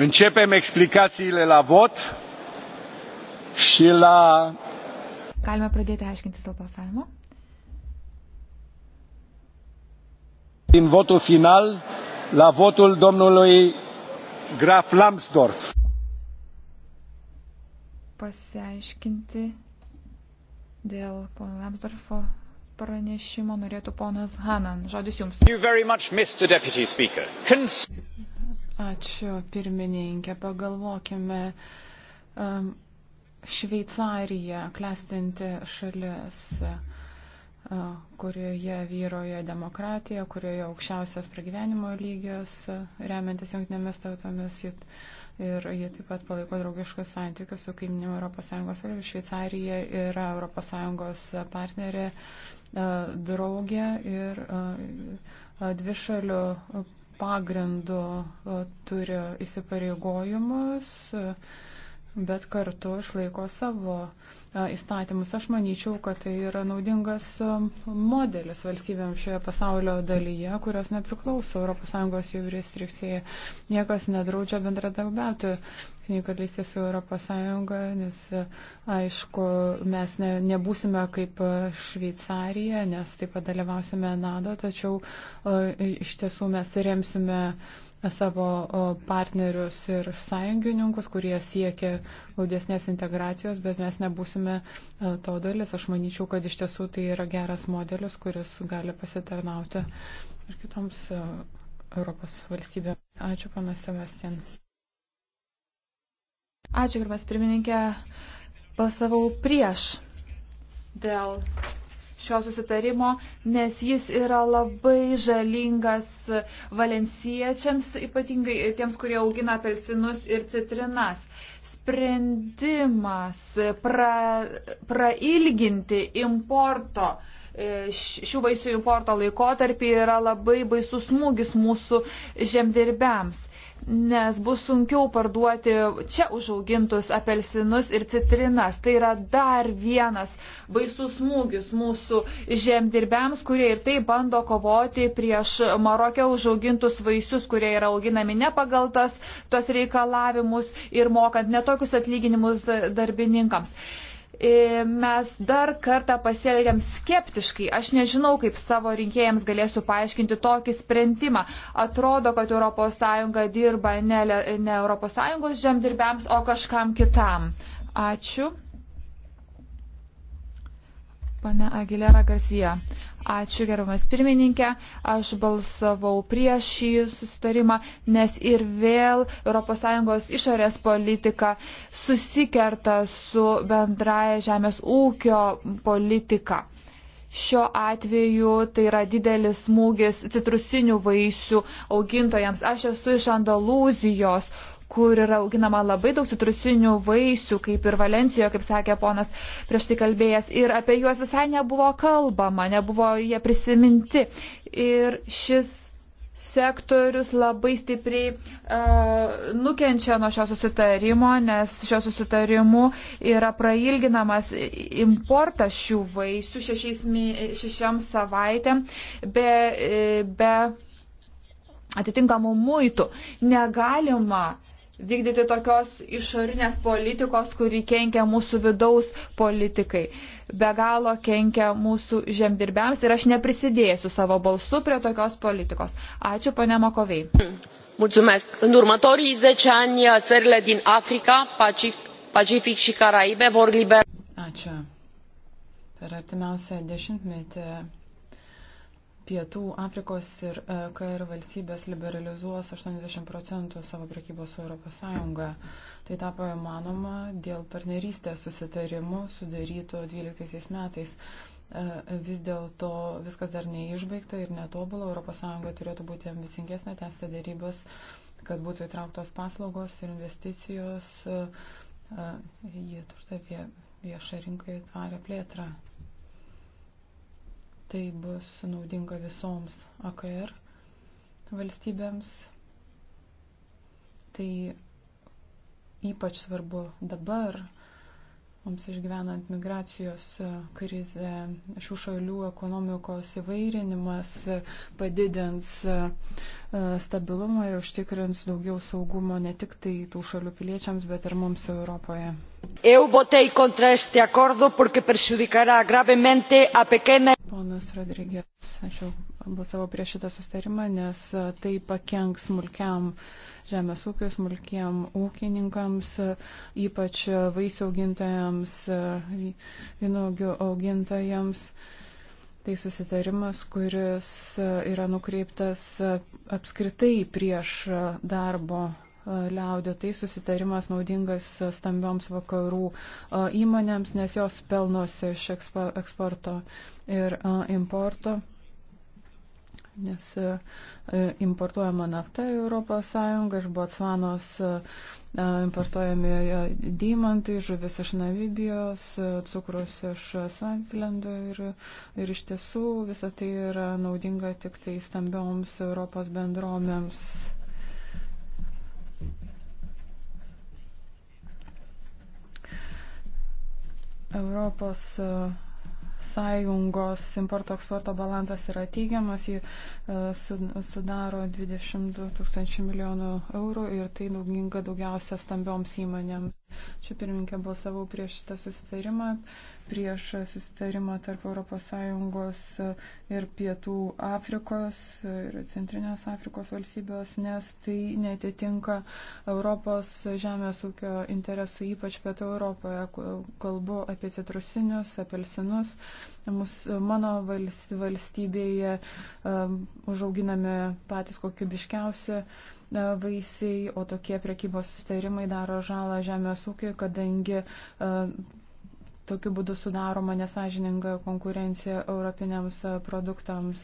Începem explicațiile la vot și la... Galime pradėti aiškintis dėl balsavimo. Din votul final la votul domnului Graf Lambsdorff. Pasiaiškinti dėl pono Lambsdorffo pranešimo norėtų ponas Hanan. Žodis jums. Ačiū, pirmininkė. Pagalvokime. Um, Šveicarija, klestinti šalis, uh, kurioje vyroja demokratija, kurioje aukščiausias pragyvenimo lygis, uh, remiantis jungtinėmis tautomis, ir jie taip pat palaiko draugiškus santykius su kaiminimu ES valstybių. Šveicarija yra ES partnerė, uh, draugė ir dvišalių pagrindu e, turi įsipareigojimus bet kartu išlaiko savo įstatymus. Aš manyčiau, kad tai yra naudingas modelis valstybėm šioje pasaulio dalyje, kurios nepriklauso ES jų restrikcijai. Niekas nedraudžia bendradarbiauti knygalystė su ES, nes aišku, mes ne, nebūsime kaip Šveicarija, nes taip pat dalyvausime NATO, tačiau iš tiesų mes remsime. Tai savo partnerius ir sąjungininkus, kurie siekia glaudesnės integracijos, bet mes nebūsime to dalis. Aš manyčiau, kad iš tiesų tai yra geras modelis, kuris gali pasitarnauti ir kitoms Europos valstybėms. Ačiū, panas Sebastian. Ačiū, gerbės pirmininkė. Balsavau prieš dėl šio susitarimo, nes jis yra labai žalingas valenciečiams, ypatingai tiems, kurie augina apelsinus ir citrinas. Sprendimas pra, prailginti importo e, šių vaisių importo laikotarpį yra labai baisus smūgis mūsų žemdirbiams nes bus sunkiau parduoti čia užaugintus apelsinus ir citrinas. Tai yra dar vienas baisus smūgis mūsų žemdirbiams, kurie ir tai bando kovoti prieš Marokė užaugintus vaisius, kurie yra auginami ne pagal tas, tos reikalavimus ir mokant netokius atlyginimus darbininkams. E, mes dar kartą pasielgiam skeptiškai. Aš nežinau, kaip savo rinkėjams galėsiu paaiškinti tokį sprendimą. Atrodo, kad ES dirba ne, ne ES žemdirbiams, o kažkam kitam. Ačiū. Pane Agilera Garcia. Ačiū gerbamas pirmininkė, aš balsavau prieš šį susitarimą, nes ir vėl ES išorės politika susikerta su bendraja žemės ūkio politika. Šiuo atveju tai yra didelis smūgis citrusinių vaisių augintojams. Aš esu iš Andalūzijos, kur yra auginama labai daug citrusinių vaisių, kaip ir Valencijoje, kaip sakė ponas prieš tai kalbėjęs, ir apie juos visai nebuvo kalbama, nebuvo jie prisiminti. Ir šis sektorius labai stipriai uh, nukenčia nuo šio susitarimo, nes šio susitarimu yra prailginamas importas šių vaisių šešiais, šešiam savaitėm be, e, be atitinkamų muitų. Negalima vykdyti tokios išorinės politikos, kuri kenkia mūsų vidaus politikai, be galo kenkia mūsų žemdirbėms ir aš neprisidėsiu savo balsu prie tokios politikos. Ačiū, pane Makovei. Mulțumesc. În următorii 10 ani, țările din Africa, Pacific, Pacific și Caraibe vor libera. Ačiū. Per artimiausią dešimtmetį Pietų Afrikos ir e, KR valstybės liberalizuos 80 procentų savo prekybos su ES. Tai tapo įmanoma dėl partnerystės susitarimų sudaryto 12 metais. E, vis dėlto viskas dar neišbaigta ir netobulą. ES turėtų būti ambicingesnė, tęsti darybas, kad būtų įtrauktos paslaugos ir investicijos e, į turtą viešą rinką į tvarę plėtrą. Tai bus naudinga visoms AKR valstybėms. Tai ypač svarbu dabar, mums išgyvenant migracijos krizę, šių šalių ekonomikos įvairinimas padidins e, stabilumą ir užtikrins daugiau saugumo ne tik tai tų šalių piliečiams, bet ir mums Europoje. Eu votei contra este acuerdo porque perjudicará gravemente a pequeña Ponas Rodrygės, aš jau balsavau prieš šitą sustarimą, nes tai pakenks smulkiam žemės ūkiu, smulkiam ūkininkams, ypač vaisių augintojams, vynogių augintojams. Tai susitarimas, kuris yra nukreiptas apskritai prieš darbo liaudė, tai susitarimas naudingas stambioms vakarų įmonėms, nes jos pelnosi iš eksporto ir importo nes importuojama nafta į ES, iš Botsvanos importuojami dymantai, žuvis iš Namibijos, cukrus iš Svantilendo ir, ir iš tiesų visa tai yra naudinga tik tai stambioms Europos bendromėms. Europos e, sąjungos importo eksporto balansas yra teigiamas, jį e, sudaro 22 tūkstančių milijonų eurų ir tai naudinga daugiausia stambioms įmonėms. Čia pirmininkė balsavau prieš šitą susitarimą, prieš susitarimą tarp ES ir Pietų Afrikos ir Centrinės Afrikos valstybės, nes tai netitinka Europos žemės ūkio interesų, ypač Pietų Europoje. Kalbu apie citrusinius, apelsinus. Mus, mano valstybėje um, užauginami patys kokybiškiausi E, vaisiai, o tokie prekybos sustarimai daro žalą žemės ūkiui, kadangi e, tokiu būdu sudaroma nesažininga konkurencija europiniams e, produktams,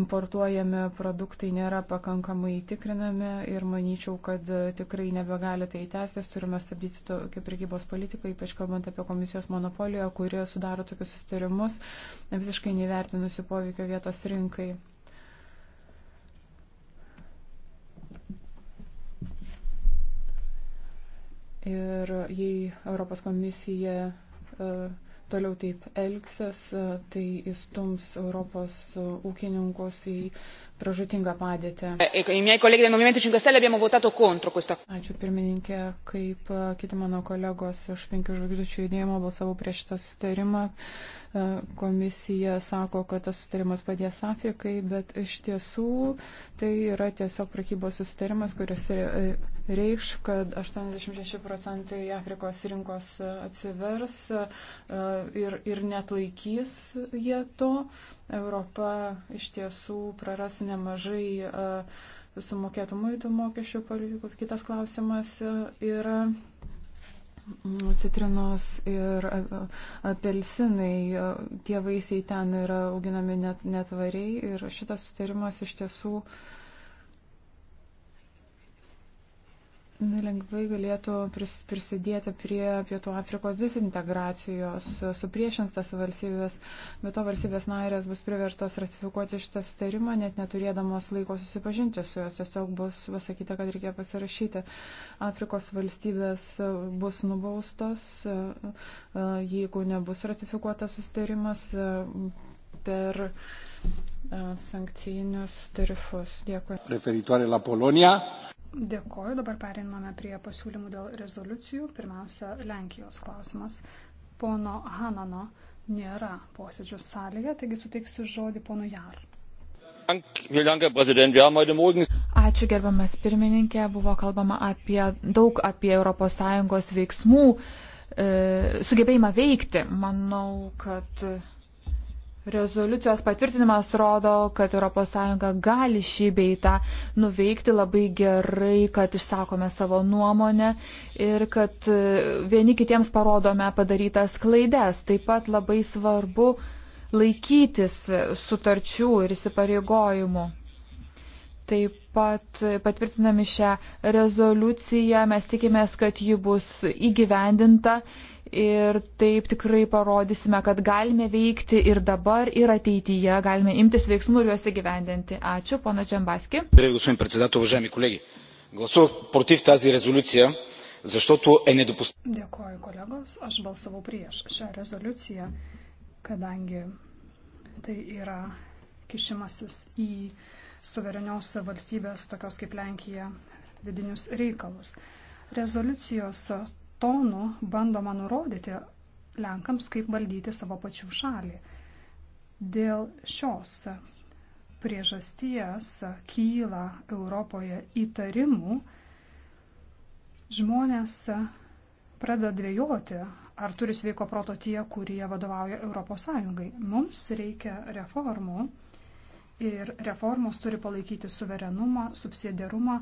importuojami produktai nėra pakankamai tikrinami ir manyčiau, kad tikrai nebegali tai tęstis, turime stabdyti tokią prekybos politiką, ypač kalbant apie komisijos monopoliją, kuri sudaro tokius sustarimus, visiškai nevertinusi poveikio vietos rinkai. Ir jei Europos komisija e, toliau taip elgsis, e, tai įstums Europos ūkininkus į pražutingą padėtį. Ačiū pirmininkė, kaip e, kiti mano kolegos iš penkių žvaigždučių judėjimo balsavau prieš šitą sutarimą. E, komisija sako, kad tas sutarimas padės Afrikai, bet iš tiesų tai yra tiesiog prekybos sutarimas, kuris e, reikš, kad 86 procentai Afrikos rinkos atsivers ir, ir net laikys jie to Europa iš tiesų praras nemažai e, sumokėtų muitų mokesčių politikos. Kitas klausimas e, yra mm, citrinos ir e, apelsinai. Tie vaisiai ten yra auginami net, netvariai ir šitas sutarimas iš tiesų uh, nelengvai galėtų prisidėti prie Pietų Afrikos disintegracijos, supriešins tas valstybės, bet to valstybės narės bus priverstos ratifikuoti šitą sutarimą, net neturėdamos laiko susipažinti su jos, tiesiog bus pasakyta, kad reikia pasirašyti. Afrikos valstybės bus nubaustos, jeigu nebus ratifikuotas sutarimas per sankcijinius tarifus. Dėkui. Referitoare la Polonia. Dėkoju, dabar periname prie pasiūlymų dėl rezoliucijų. Pirmiausia, Lenkijos klausimas. Pono Hanano nėra posėdžių salėje, taigi suteiksiu žodį pono Jar. Ačiū gerbiamas pirmininkė, buvo kalbama apie, daug apie ES veiksmų, e, sugebėjimą veikti. Manau, kad. E, Rezoliucijos patvirtinimas rodo, kad ES gali šį beitą nuveikti labai gerai, kad išsakome savo nuomonę ir kad e, vieni kitiems parodome padarytas klaidas. Taip pat labai svarbu laikytis sutarčių ir įsipareigojimų. Taip pat e, patvirtinami šią rezoliuciją mes tikimės, kad ji bus įgyvendinta Ir taip tikrai parodysime, kad galime veikti ir dabar, ir ateityje, galime imtis veiksmų ir juos įgyvendinti. Ačiū, pana Čembaski. Dėkuoju kolegos, aš balsavau prieš šią rezoliuciją, kadangi tai yra kišimasis į suverenios valstybės, tokios kaip Lenkija, vidinius reikalus. Rezoliucijos tonų bandoma nurodyti Lenkams, kaip valdyti savo pačių šalį. Dėl šios priežasties kyla Europoje įtarimų, žmonės pradeda dvėjoti, ar turi sveiko proto tie, kurie vadovauja ES. Mums reikia reformų ir reformos turi palaikyti suverenumą, subsidiarumą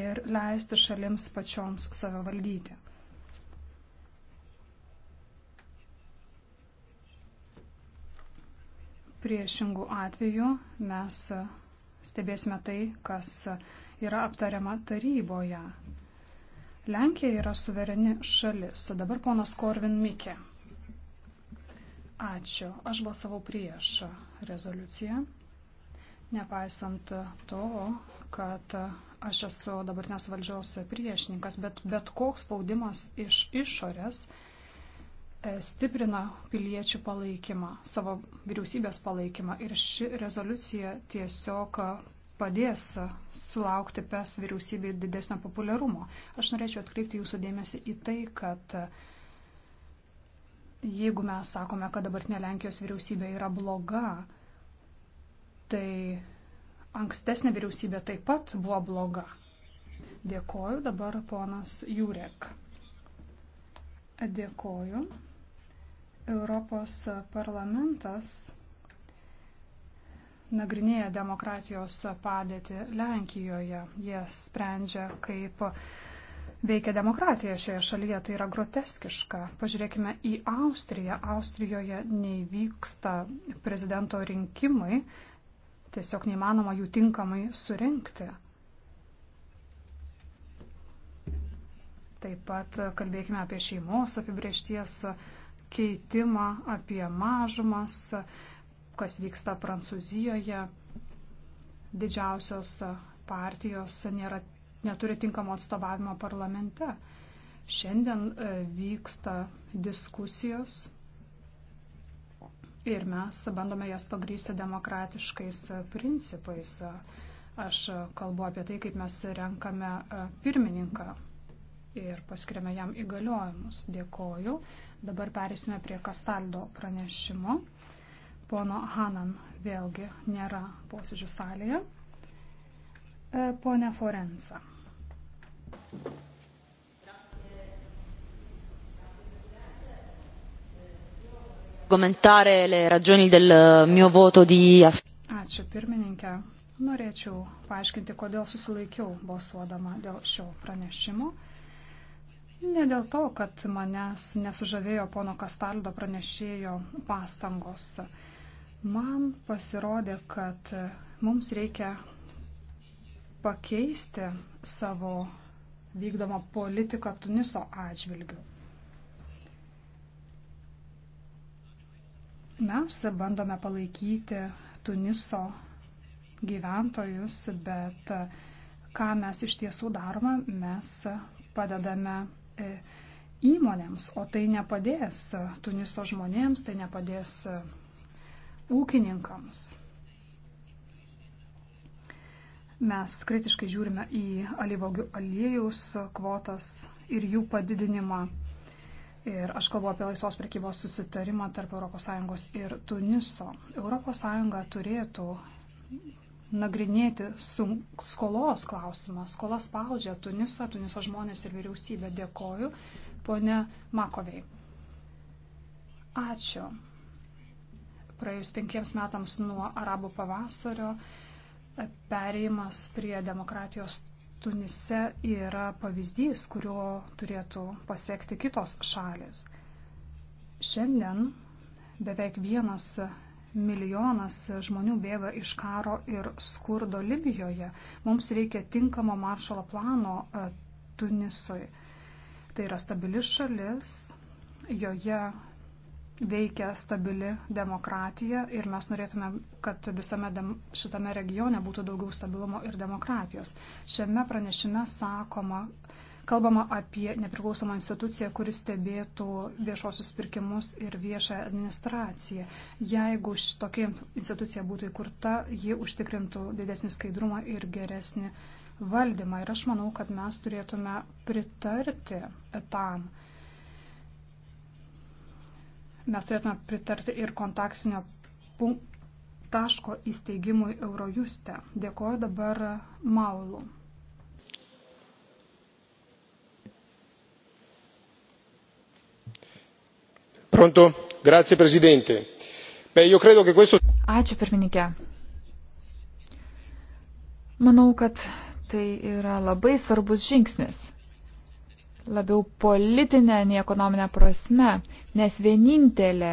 ir leisti šalims pačioms save valdyti. Priešingų atvejų mes stebėsime tai, kas yra aptariama taryboje. Lenkija yra suvereni šalis. Dabar ponas Korvin Mikė. Ačiū. Aš balsavau prieš rezoliuciją. Nepaisant to, kad aš esu dabartinės valdžios priešininkas, bet bet koks spaudimas iš išorės E, stiprina piliečių palaikymą, savo vyriausybės palaikymą. Ir ši rezoliucija tiesiog padės sulaukti PES vyriausybei didesnio populiarumo. Aš norėčiau atkreipti jūsų dėmesį į tai, kad jeigu mes sakome, kad dabartinė Lenkijos vyriausybė yra bloga, tai ankstesnė vyriausybė taip pat buvo bloga. Dėkoju dabar ponas Jurek. Dėkoju. Europos parlamentas nagrinėja demokratijos padėtį Lenkijoje. Jie sprendžia, kaip veikia demokratija šioje šalyje. Tai yra groteskiška. Pažiūrėkime į Austriją. Austrijoje neįvyksta prezidento rinkimai. Tiesiog neįmanoma jų tinkamai surinkti. Taip pat kalbėkime apie šeimos apibriešties keitimą, apie mažumas, kas vyksta Prancūzijoje. Didžiausios partijos nėra, neturi tinkamo atstovavimo parlamente. Šiandien e, vyksta diskusijos ir mes bandome jas pagrysti demokratiškais e, principais. Aš kalbu apie tai, kaip mes renkame e, pirmininką ir paskiriame jam įgaliojimus. Dėkoju. Dabar perėsime prie Kastaldo pranešimo. Pono Hanan vėlgi nėra posėdžių salėje. E, pone Forensa. Kommentare le ragioni del mio voto di Ačiū pirmininkė. Norėčiau paaiškinti, kodėl susilaikiau balsuodama dėl šio pranešimo. Ne dėl to, kad manęs nesužavėjo pono Kastaldo pranešėjo pastangos. Man pasirodė, kad mums reikia pakeisti savo vykdomą politiką Tuniso atžvilgių. Mes bandome palaikyti Tuniso gyventojus, bet ką mes iš tiesų darome, mes padedame E, įmonėms, o tai nepadės e, Tuniso žmonėms, tai nepadės e, ūkininkams. Mes kritiškai žiūrime į alyvogių aliejus kvotas ir jų padidinimą. Ir aš kalbu apie laisvos prekybos susitarimą tarp ES ir Tuniso. ES turėtų nagrinėti skolos klausimą. Skola spaudžia Tunisą, Tuniso žmonės ir vyriausybę. Dėkoju, ponė Makovei. Ačiū. Praėjus penkiems metams nuo arabų pavasario perėjimas prie demokratijos Tunise yra pavyzdys, kurio turėtų pasiekti kitos šalis. Šiandien beveik vienas milijonas žmonių bėga iš karo ir skurdo Libijoje. Mums reikia tinkamo maršalo plano e, Tunisui. Tai yra stabili šalis, joje veikia stabili demokratija ir mes norėtume, kad visame dem, šitame regione būtų daugiau stabilumo ir demokratijos. Šiame pranešime sakoma, Kalbama apie nepriklausomą instituciją, kuris stebėtų viešosius pirkimus ir viešą administraciją. Jeigu tokia institucija būtų įkurta, ji užtikrintų didesnį skaidrumą ir geresnį valdymą. Ir aš manau, kad mes turėtume pritarti tam. Mes turėtume pritarti ir kontaktinio taško įsteigimui Eurojuste. Dėkoju dabar Maulu. Grazie, Be, questo... Ačiū pirmininkė. Manau, kad tai yra labai svarbus žingsnis. Labiau politinė nei ekonominė prasme, nes vienintelė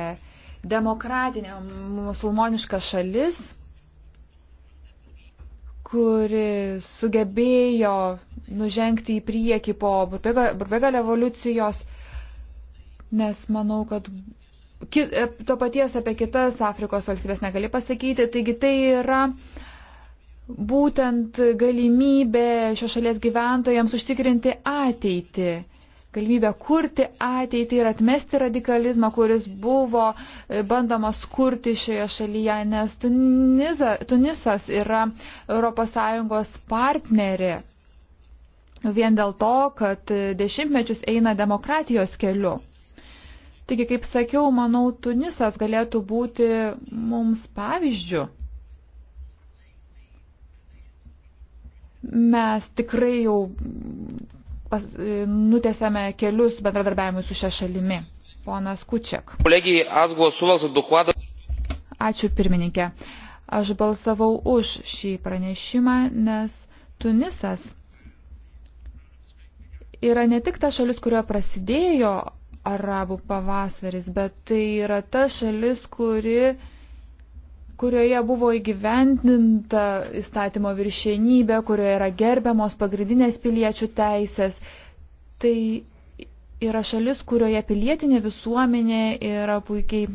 demokratinė musulmoniška šalis, kuri sugebėjo nužengti į priekį po Burbega revoliucijos, nes manau, kad kit, e, to paties apie kitas Afrikos valstybės negali pasakyti. Taigi tai yra būtent galimybė šios šalies gyventojams užtikrinti ateitį galimybę kurti ateitį ir atmesti radikalizmą, kuris buvo e, bandomas kurti šioje šalyje, nes Tuniza, Tunisas yra ES partnerė vien dėl to, kad dešimtmečius eina demokratijos keliu. Taigi, kaip sakiau, manau, Tunisas galėtų būti mums pavyzdžių. Mes tikrai jau pas, nutėsėme kelius bendradarbiavimui su šia šalimi. Ponas Kučiak. Ačiū pirmininkė. Aš balsavau už šį pranešimą, nes Tunisas yra ne tik ta šalis, kurioje prasidėjo arabų pavasaris, bet tai yra ta šalis, kuri, kurioje buvo įgyvendinta įstatymo viršienybė, kurioje yra gerbiamos pagrindinės piliečių teisės. Tai yra šalis, kurioje pilietinė visuomenė yra puikiai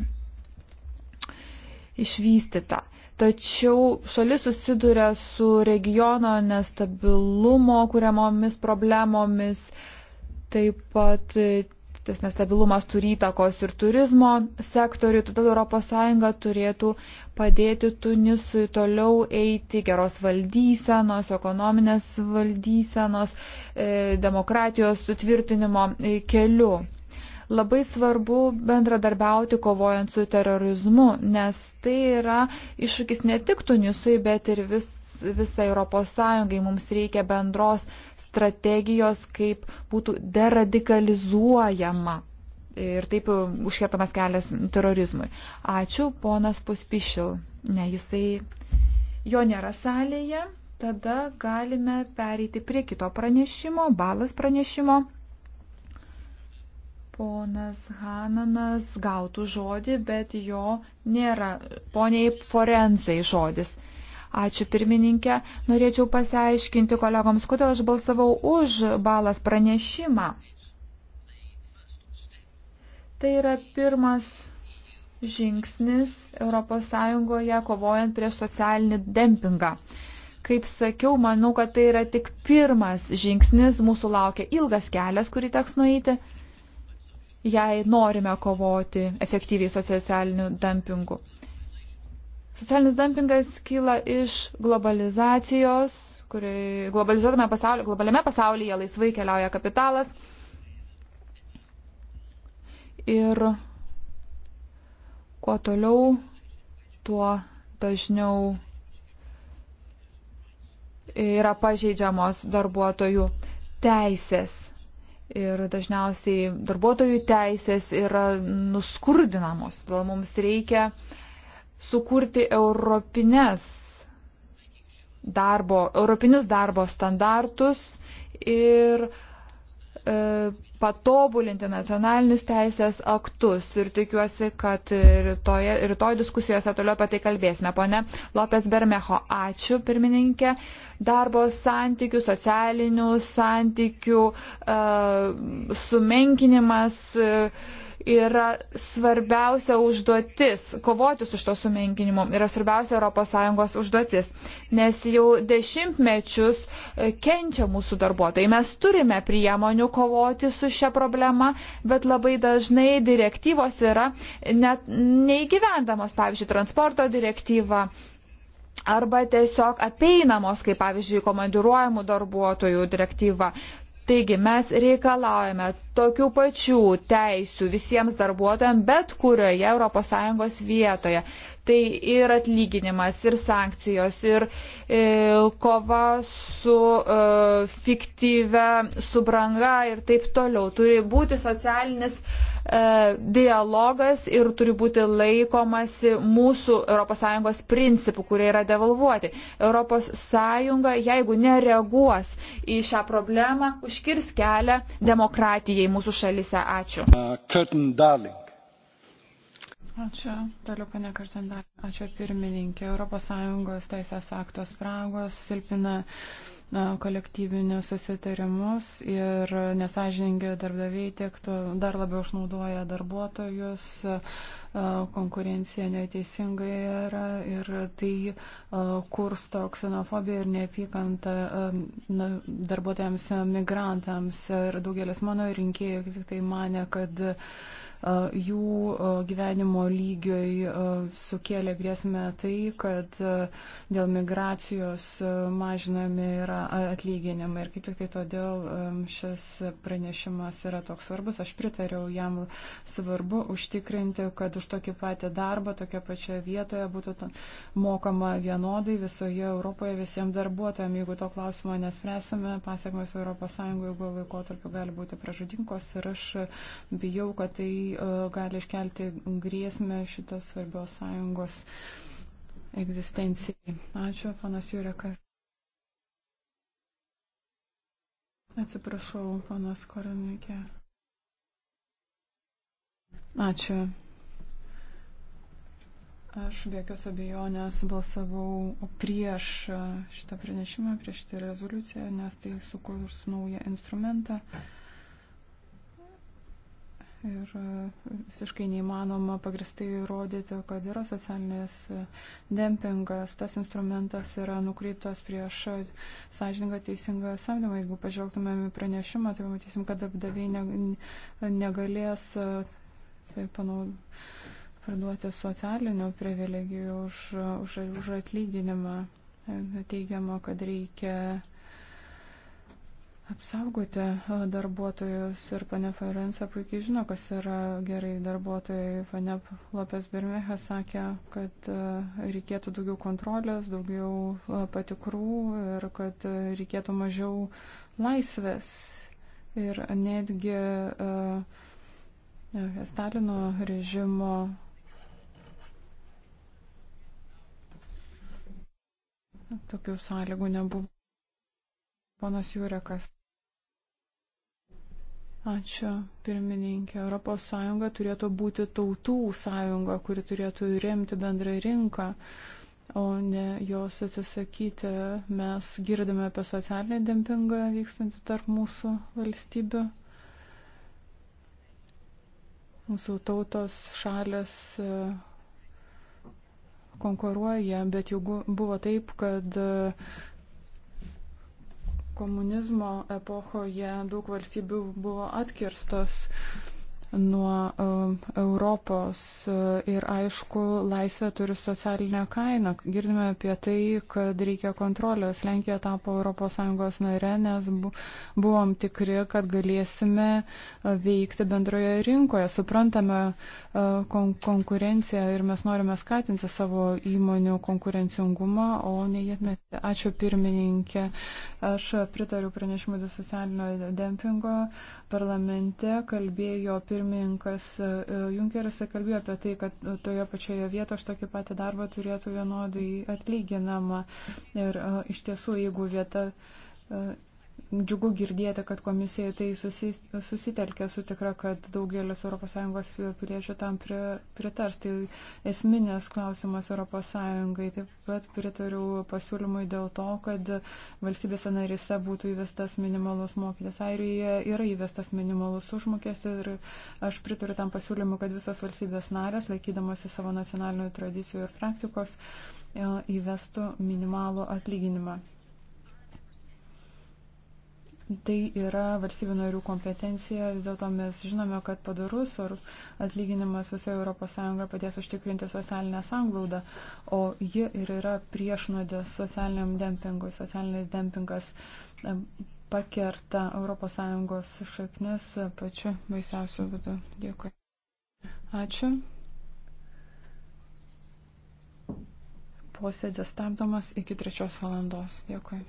išvystyta. Tačiau šalis susiduria su regiono nestabilumo kuriamomis problemomis, taip pat tas nestabilumas turi įtakos ir turizmo sektoriui, todėl ES turėtų padėti Tunisui toliau eiti geros valdysenos, ekonominės valdysenos, e, demokratijos sutvirtinimo e, keliu. Labai svarbu bendradarbiauti kovojant su terorizmu, nes tai yra iššūkis ne tik Tunisui, bet ir visai visai Europos Sąjungai. Mums reikia bendros strategijos, kaip būtų deradikalizuojama. Ir taip užkertamas kelias terorizmui. Ačiū, ponas Puspišil. Ne, jisai jo nėra salėje. Tada galime pereiti prie kito pranešimo, balas pranešimo. Ponas Hananas gautų žodį, bet jo nėra. Poniai Forenzai žodis. Ačiū pirmininkė. Norėčiau pasiaiškinti kolegoms, kodėl aš balsavau už balas pranešimą. Tai yra pirmas žingsnis ES kovojant prieš socialinį dempingą. Kaip sakiau, manau, kad tai yra tik pirmas žingsnis, mūsų laukia ilgas kelias, kurį teks nueiti, jei norime kovoti efektyviai socialiniu dumpingu. Socialinis dumpingas kyla iš globalizacijos, kuri globalizuotame pasaulyje, globaliame pasaulyje laisvai keliauja kapitalas. Ir kuo toliau, tuo dažniau yra pažeidžiamos darbuotojų teisės. Ir dažniausiai darbuotojų teisės yra nuskurdinamos. Todėl mums reikia uh, sukurti europines darbo, europinius darbo standartus ir e, patobulinti nacionalinius teisės aktus ir tikiuosi, kad rytoj, rytoj diskusijose toliau apie tai kalbėsime. Pone Lopes Bermeho, ačiū pirmininkė. Darbo santykių, socialinių santykių uh, sumenkinimas. Uh, yra svarbiausia užduotis, kovoti su šito sumenkinimu yra svarbiausia ES užduotis, nes jau dešimtmečius e, kenčia mūsų darbuotojai. Mes turime priemonių kovoti su šia problema, bet labai dažnai direktyvos yra net neįgyvendamos, pavyzdžiui, transporto direktyva arba tiesiog apeinamos, kaip pavyzdžiui, komandiruojamų darbuotojų direktyva. Taigi mes reikalaujame tokių pačių teisių visiems darbuotojams bet kurioje ES vietoje tai ir atlyginimas, ir sankcijos, ir e, kova su e, fiktyve, su branga ir taip toliau. Turi būti socialinis e, dialogas ir turi būti laikomasi mūsų ES principų, kurie yra devalvuoti. ES, jeigu nereaguos į šią problemą, užkirs kelią demokratijai mūsų šalise. Ačiū. Uh, Curtin, darling. Ačiū. Toliau, pane Karsandar. Ačiū pirmininkė. ES teisės aktos spragos silpina kolektyvinius susitarimus ir nesažiningi darbdaviai tiek dar labiau išnaudoja darbuotojus, konkurencija neteisingai yra ir tai kursto ksenofobiją ir neapykantą darbuotojams migrantams. Ir daugelis mano rinkėjų kaip tai mane, kad jų gyvenimo lygioj sukėlė grėsmę tai, kad dėl migracijos mažinami yra atlyginimai. Ir kaip tik tai todėl šis pranešimas yra toks svarbus. Aš pritariau jam svarbu užtikrinti, kad už tokį patį darbą tokio pačioje vietoje būtų mokama vienodai visoje Europoje visiems darbuotojams. Jeigu to klausimo nespręsime, pasiekmes ES ilgo laikotarpiu gali būti pražudinkos ir aš bijau, kad tai E, gali iškelti grėsmę šitos svarbios sąjungos egzistencijai. Ačiū, panas Jurekas. Atsiprašau, panas Koranikė. Ačiū. Aš be jokios abejonės balsavau prieš šitą pranešimą, prieš šitą rezoliuciją, nes tai sukurs naują instrumentą. Uh, Ir e, visiškai neįmanoma pagristai įrodyti, kad yra socialinis dempingas. Tas instrumentas yra nukreiptas prieš sąžininką teisingą samdymą. Jeigu pažvelgtumėm į pranešimą, tai pamatysim, kad darbdaviai negalės e, tai panaudoti parduoti socialinių privilegijų už, už, už atlyginimą. Teigiama, kad reikia apsaugote darbuotojus ir pane Ferenca puikiai žino, kas yra gerai darbuotojai. Pane Lopes Birmeha sakė, kad reikėtų daugiau kontrolės, daugiau patikrų ir kad reikėtų mažiau laisvės. Ir netgi Stalino režimo tokių sąlygų nebuvo. Ponas Jurekas. Ačiū, pirmininkė. ES turėtų būti tautų sąjunga, kuri turėtų remti bendrą rinką, o ne jos atsisakyti. Mes girdime apie socialinį dempingą vykstantį tarp mūsų valstybių. Mūsų tautos šalis e, konkuruoja, bet jau buvo taip, kad Komunizmo epochoje daug valstybių buvo atkirstos nuo um, Europos ir aišku, laisvė turi socialinę kainą. Girdime apie tai, kad reikia kontrolės. Lenkija tapo ES nare, nes buvom tikri, kad galėsime uh, veikti bendroje rinkoje. Suprantame uh, kon konkurenciją ir mes norime skatinti savo įmonių konkurencingumą, o ne jį atmeti. Ačiū pirmininkė. Aš pritariu pranešimui dėl socialinio dempingo. Parlamente kalbėjo pirmininkė pirmininkas e, e, Junkeris kalbėjo apie tai, kad toje pačioje vietoje aš tokį patį darbą turėtų vienodai atlyginama. Ir e, iš tiesų, jeigu vieta džiugu girdėti, kad komisija tai susis, susitelkė, sutikra, kad daugelis ES piliečių tam pri, pritars. Tai esminės klausimas ES. Taip pat pritariu pasiūlymui dėl to, kad valstybėse narise būtų įvestas minimalus mokestis. Airijoje yra įvestas minimalus užmokestis ir aš pritariu tam pasiūlymui, kad visos valstybės narės, laikydamosi savo nacionalinių tradicijų ir praktikos, e, įvestų minimalų atlyginimą. Tai yra valstybių narių kompetencija, vis dėlto mes žinome, kad padarus ar atlyginimas visoje ES padės užtikrinti socialinę sanglaudą, o ji ir yra priešnodės socialiniam dempingui. Socialinis dempingas pakerta ES šaknis pačiu baisiausiu būdu. Dėkui. Ačiū. Posėdės stabdomas iki trečios valandos. Dėkui.